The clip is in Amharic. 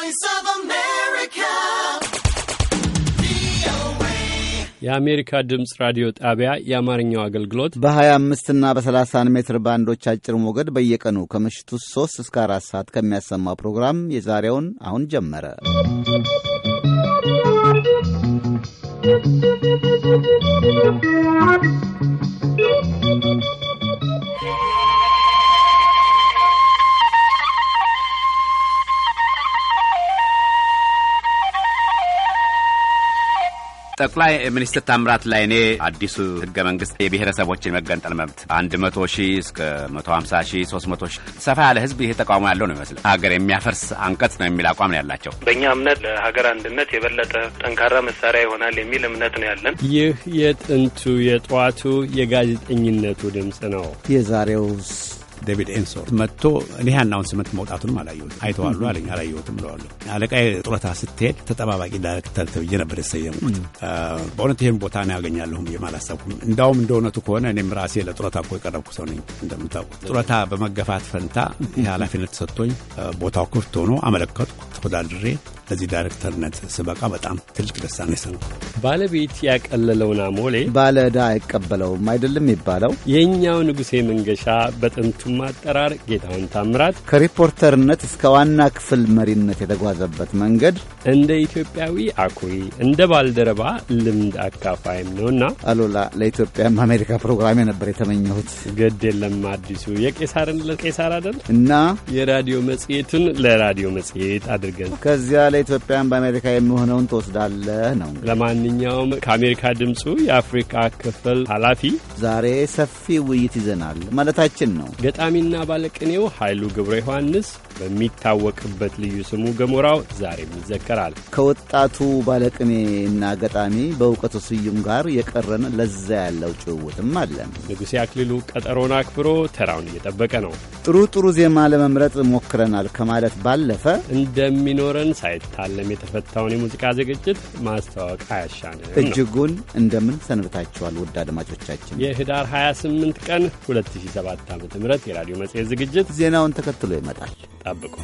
Voice የአሜሪካ ድምፅ ራዲዮ ጣቢያ የአማርኛው አገልግሎት በ25 እና በ30 ሜትር ባንዶች አጭር ሞገድ በየቀኑ ከምሽቱ 3 እስከ 4 ሰዓት ከሚያሰማው ፕሮግራም የዛሬውን አሁን ጀመረ። ጠቅላይ ሚኒስትር ታምራት ላይኔ አዲሱ ህገ መንግስት የብሔረሰቦችን መገንጠል መብት አንድ መቶ ሺህ እስከ መቶ ሀምሳ ሺህ ሶስት መቶ ሺህ ሰፋ ያለ ህዝብ ይሄ ተቃውሞ ያለው ነው ይመስል ሀገር የሚያፈርስ አንቀጽ ነው የሚል አቋም ነው ያላቸው። በእኛ እምነት ለሀገር አንድነት የበለጠ ጠንካራ መሳሪያ ይሆናል የሚል እምነት ነው ያለን። ይህ የጥንቱ የጠዋቱ የጋዜጠኝነቱ ድምፅ ነው የዛሬው ዴቪድ ኤንሶርት መጥቶ እኔ ያናውን ስመት መውጣቱንም አላየሁት አይተዋሉ አለ አላየሁትም ብለዋለሁ። አለቃ ጡረታ ስትሄድ ተጠባባቂ ዳይሬክተር ተብዬ ነበር የሰየሙት። በእውነት ይህን ቦታ ነው ያገኛለሁ ብዬ አላሰብኩም። እንዳውም እንደ እውነቱ ከሆነ እኔም ራሴ ለጡረታ እኮ የቀረብኩ ሰው ነኝ እንደምታውቁ። ጡረታ በመገፋት ፈንታ የኃላፊነት ሰጥቶኝ ቦታው ክፍት ሆኖ አመለከትኩ። ተወዳድሬ ለዚህ ዳይሬክተርነት ስበቃ በጣም ትልቅ ደስታ ነው የሰነው። ባለቤት ያቀለለውን አሞሌ ባለዕዳ አይቀበለውም አይደለም የሚባለው። የእኛው ንጉሴ መንገሻ በጥንቱም አጠራር ጌታውን ታምራት ከሪፖርተርነት እስከ ዋና ክፍል መሪነት የተጓዘበት መንገድ እንደ ኢትዮጵያዊ አኩሪ፣ እንደ ባልደረባ ልምድ አካፋይም ነውና አሉላ ለኢትዮጵያም አሜሪካ ፕሮግራም ነበር የተመኘሁት። ግድ የለም አዲሱ የቄሳርን ለቄሳር አደል እና የራዲዮ መጽሔቱን ለራዲዮ መጽሔት አድርገን ከዚያ ላይ ለኢትዮጵያን በአሜሪካ የሚሆነውን ትወስዳለህ ነው። ለማንኛውም ከአሜሪካ ድምፁ የአፍሪካ ክፍል ኃላፊ ዛሬ ሰፊ ውይይት ይዘናል ማለታችን ነው። ገጣሚና ባለቅኔው ኃይሉ ግብረ ዮሐንስ በሚታወቅበት ልዩ ስሙ ገሞራው ዛሬም ይዘከራል። ከወጣቱ ባለቅኔና ገጣሚ በእውቀቱ ስዩም ጋር የቀረን ለዛ ያለው ጭውውትም አለን። ንጉሴ አክሊሉ ቀጠሮን አክብሮ ተራውን እየጠበቀ ነው። ጥሩ ጥሩ ዜማ ለመምረጥ ሞክረናል ከማለት ባለፈ እንደሚኖረን ሳይ ሳይታለም የተፈታውን የሙዚቃ ዝግጅት ማስታወቅ አያሻን። እጅጉን እንደምን ሰንብታችኋል ውድ አድማጮቻችን። የህዳር 28 ቀን 2007 ዓ ም የራዲዮ መጽሔት ዝግጅት ዜናውን ተከትሎ ይመጣል። ጠብቁ።